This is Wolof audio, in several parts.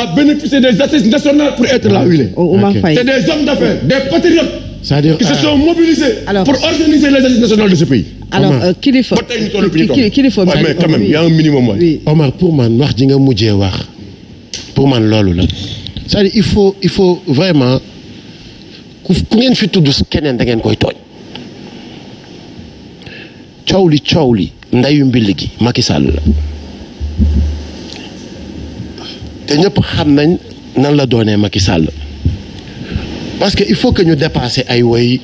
a bénéficié des assises nationales pour être là où il est. des hommes d'affaires, des patriotes. qui se euh, sont pour organiser les assises nationales de ce pays. alors euh, kilifa kilifa bi mais quand même y a un minimum waay. pour man wax ji nga mujjee wax pour man loolu la cest dire il faut vraiment ku ngeen fi tudd keneen da ngeen koy tooñ. coow li coow li ndeyu mbill gi Macky Sall la. te ñëpp xam nañ nan la doonee Macky Sall parce que il faut que ñu dépasser ay woy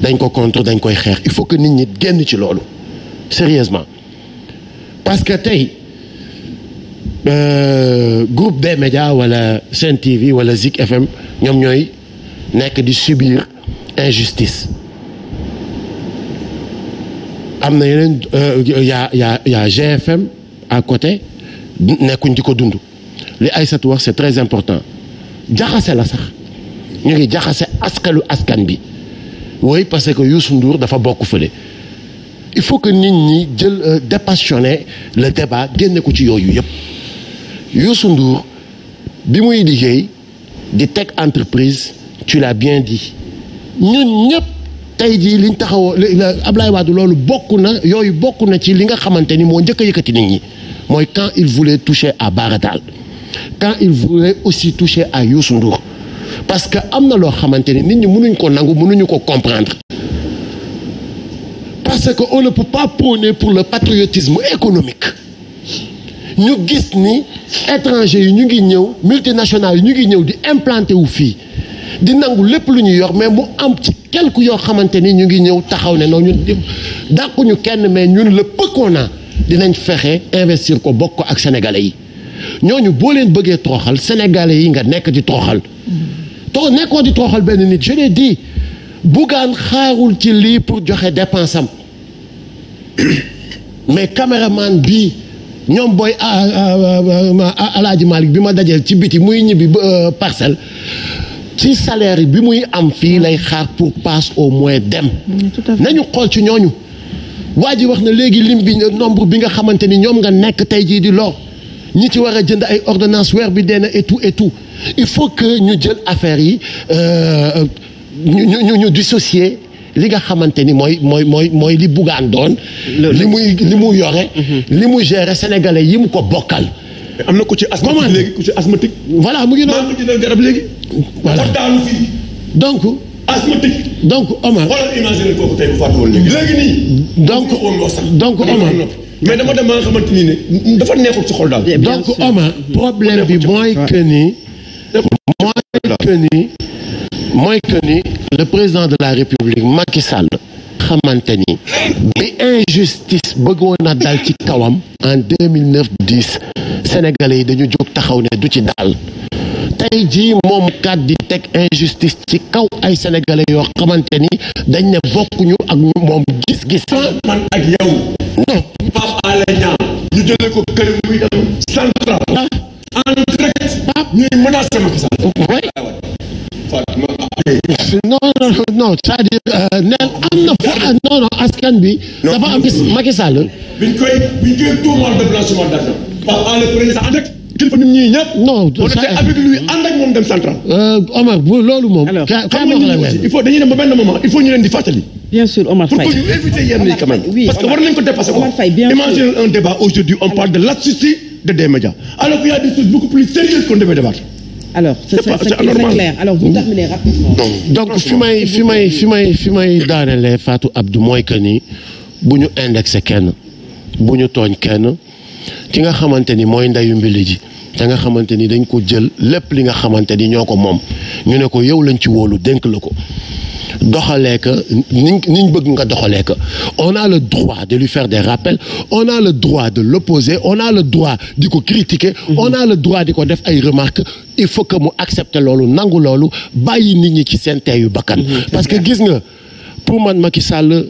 dañ ko contre dañ koy xeex il faut que nit ñi génn ci loolu sérieusement parce que tey euh, groupe des médias wala Sen TV wala Zik ñoom ñooy nekk di subir injustice am na yeneen euh, y a yaa yaa y a GFM à côté nekkuñ di ko dund li Aïssatou wax c'est très important jaxase la sax ñu ngi jaxase askalu askan bi wooy parce que Youssou Ndour dafa bokk fële il faut que nit ñi jël euh, dépassionner le débat génne ko ci yooyu yëpp Youssou Ndour bi muy liggéey di teg entreprise tu la bien dit ñun ñëpp tey jii liñ taxawoo Ablaye Wade loolu bokk na yooyu bokk na ci li nga xamante ni moo njëkk a yëkkati nit ñi mooy quand il voulait toucher à Bara quand il voulait aussi toucher à Youssou Ndour parce que am na loo xamante ni nit ñi mënuñ ko nangu mënuñu ko comprendre parce que on ne peut pas prôner pour le patriotisme économique ñu gis ni étrangers yi ñu ngi ñëw multinationales yi ñu ngi ñëw di implanté wu fii di nangu lépp lu ñu yor mais mu am ci quelque yoo xamante ni ñu ngi ñëw taxaw ne noonu ñun dàquñu kenn mais ñun le peu qu'on dinañ fexe investir ko bokk ak sénégalais yi ñooñu boo leen bëggee tooxal sénégalais yi nga nekk di tooxal too nekkoo di tooxal benn nit je l'ai dit Bougane xaarul ci lii pour joxe dépensam mais caméraman bi ñoom booy ah, ah, ah, alaaji Malick bi ma dajeel ci biti muy ñibbi euh, parcelle ci salaire bi muy am fii lay xaar pour passe au moins dem nañu xool ci ñooñu waa ji wax na léegi lim bi nombre bi nga xamante ni ñoom nga nekk tey jii di lor ñi ci war a jënd ay ordonnance weer bi dee na et tout et tout il faut que ñu jël affaire yi euh, ñu ñu dissocier li nga xamante ni mooy mooy mooy mooy li buggaan doon. li muy li muy yore. Mhm. li muy gérer sénégalais yi mu ko bokkal. am na ku ci asthmatique léegi voilà mu ngi noonu garab léegi. voilà donc. asthmatique. donc Omar. mais dama eh, donc Omar problème bi mooy que ni. mooy mooy que ni le président de la république Macky Sall. xamante ni bi injustice bëggoon a dal ci kawam en 2009 10 Sénégalais yi dañu jóg taxaw ne du ci dal. tey jii moom kat di teg injustice ci kaw ay sénégalais yoo xamante ni dañ ne bokkuñu ak ñu moom gis-gis. man ak yow. non Pape Alé Niang. ñu jëlee ko kër muy dem. central. Ah. en direct. Ah. ñuy menacer Macky Sall. non non non c'est-à-dire euh, neel am na fa ah, non non askan bi. dafa am gis Macky Sall. biñ koy biñ koy tuumaal déplacement d'argent. par le président ànd ak kilifa nit ñi ñëpp. non ça avec lui ànd ak moom dem central. Euh, loolu moom. alors xam nga il ba benn moment il faut ñu leen di fàttali. bien sûr Omar Faye pour que ñu éviter yenn yi quand même. oui parce que war nañ ko dépasser ko. Omar Faye bien sûr imagine un débat aujourd'hui on parle de l'astuce de a des alors ce serait clair alors vous terminez fi may fi may fi may fi may daanelee Fatou Abdou mooy que nii bu ñu indexé kenn bu ñu tooñ kenn ki nga xamante ni mooy ndeyu mbili ji te nga xamante ni dañ ko jël lépp li nga xamante ni ñoo ko moom ñu ne ko yow lañ ci wóolu dénk la ko doxalee que niñ niñ bëgg nga doxalee que on a la droit de lui faire des rappels on a le droit de l'opposer on a le droit di ko critiquer mhm. on a la droit di ko def ay remarques il faut que mu accepter loolu nangu loolu bàyyi nit ñi ci seen teeyu bakkan mhm. parce que gis nga pour man ki Sall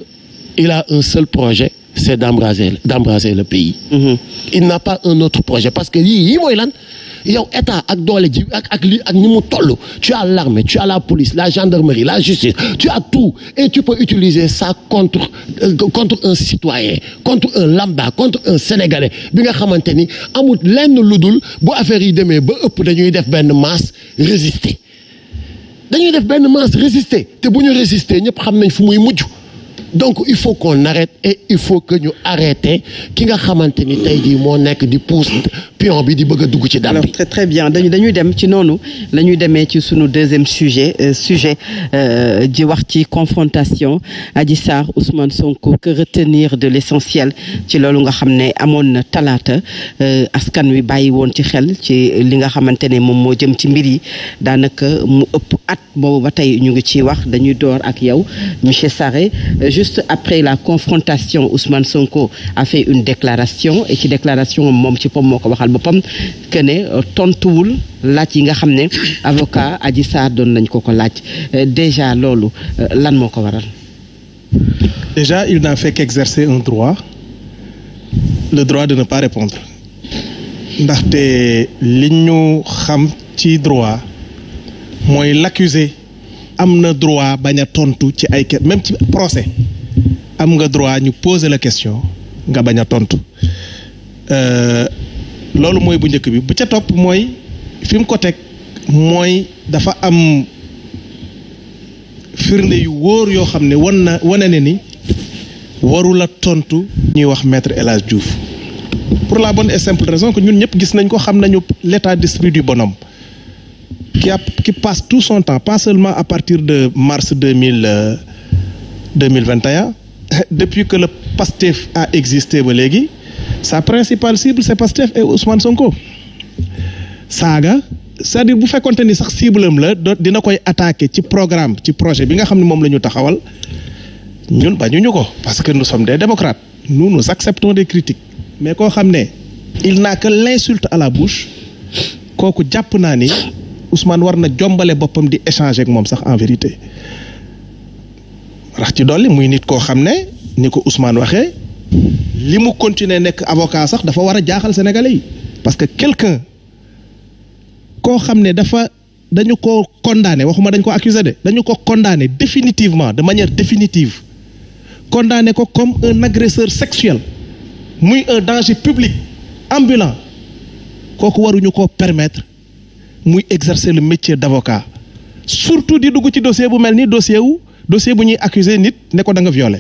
il a un seul projet c'est d'embraser d'embraser le pays. il n'a pas un autre projet parce que yii yii mooy lan yow état ak doole ji ak li ak ni mu toll tu as l'armée tu as la police la gendarmerie la justice tu as tout et tu peux utiliser ça contre euh, contre un citoyen contre un lambda contre un sénégalais bi nga xamante ni amul lenn lu dul bu affaire yi demee ba ëpp dañuy def benn masse résister dañuy def benn masse résister te bu ñu résister ñëpp xam nañ fu muy mujj. donc il faut qu'on arrête et il faut que ñu arrêter ki nga xamante ni tey jii moo nekk di pousse pion bi di bëgg a dugg ci dam bi. très bien dañuy dem ci noonu la ñuy demee ci suñu deuxième sujet euh, sujet ji euh, wax ci confrontation aji Sarr Ousmane Sonko que retenir de l'essentiel ci loolu nga xam ne amoon na talaata euh, askan wi bàyyi woon ci xel ci li nga xamante ne moom moo jëm ci mbir yi daanaka mu ëpp at boobu ba tey ñu ngi ciy wax dañuy door ak yow monsieur Sarré juste après la confrontation Ousmane Sonko a fait une déclaration et ci déclaration moom ci pom waxal boppam que ne euh, tontuwul laaj yi nga xam ne avocat Adji Sarr doon nañ ko ko laaj euh, déjà loolu euh, lan moo ko waral. Déjà, il n'a fait qu'exercer un droit, le droit de ne pas répondre ndaxte li ñu xam ci droit mooy l'accusé am na droit bañ a tontu ci ay même ci procès am nga droit ñu pose la question nga bañ tontu. loolu mooy bu njëkk bi bu ca topp mooy fi mu ko teg mooy dafa am firnde yu wóor yoo xam ne wan na wane ne ni warula tontu ñuy wax metre El Hadj Diouf pour la bonne et simple raison ñun ñëpp gis nañ ko xam nañu l'état d'esprit du bonhomme qui a qui passe tout son temps pas seulement à partir de mars deux mille euh, deux mille vingt et un depuis que le PASTEF a existé ba léegi sa principale cible c'est Pastef et Ousmane Sonko saaga cest à bu fekkonte ni sax cible am la dina koy attaquer ci programme ci projet bi nga xam ne moom la ñu taxawal ñun ñu ko parce que nous som des démocrates nous nous acceptons des critique mais koo xam ne il n'a que l'insulte à la bouche kooku jàpp naa ni Ousmane war na jombale boppam di échanger ak moom sax en vérité rax ci dolli muy nit koo xam ne ni ko Ousmane waxee li mu continuer nekk avocat sax dafa war a jaaxal sénégalais yi parce que quelqu'un koo xam ne dafa dañu ko condamné waxuma dañ ko accusé de dañu ko condamné définitivement de manière définitive condamné ko comme un agresseur sexuel muy un danger publique ambulant kooku waruñu ko permettre muy exercer le métier d'avocat surtout di dugg ci dossier bu mel ni dossier wu dossier bu ñuy accuser nit ne ko da nga violé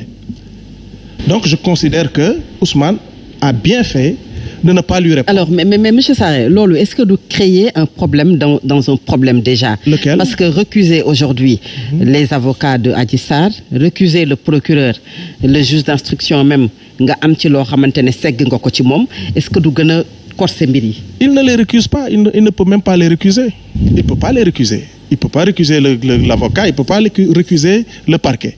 donc je considère que Ousmane a bien fait de ne pas lui répondre. Alors mais mais, mais monsieur Sarré loolu est-ce que du créer un problème dans dans un problème déjà. Lequel? parce que recuser aujourd'hui mm-hmm. les avocats de Adji Sarr recuser le procureur le juge d'instruction même nga am ci loo xamante ne segg nga ko ci moom est-ce que du gën a corser mbir yi. il ne les recuse pas il ne, il ne peut même pas les récuser il peut pas les récuser il peut pas récuser le l'avocat il peut pas récuser le parquet.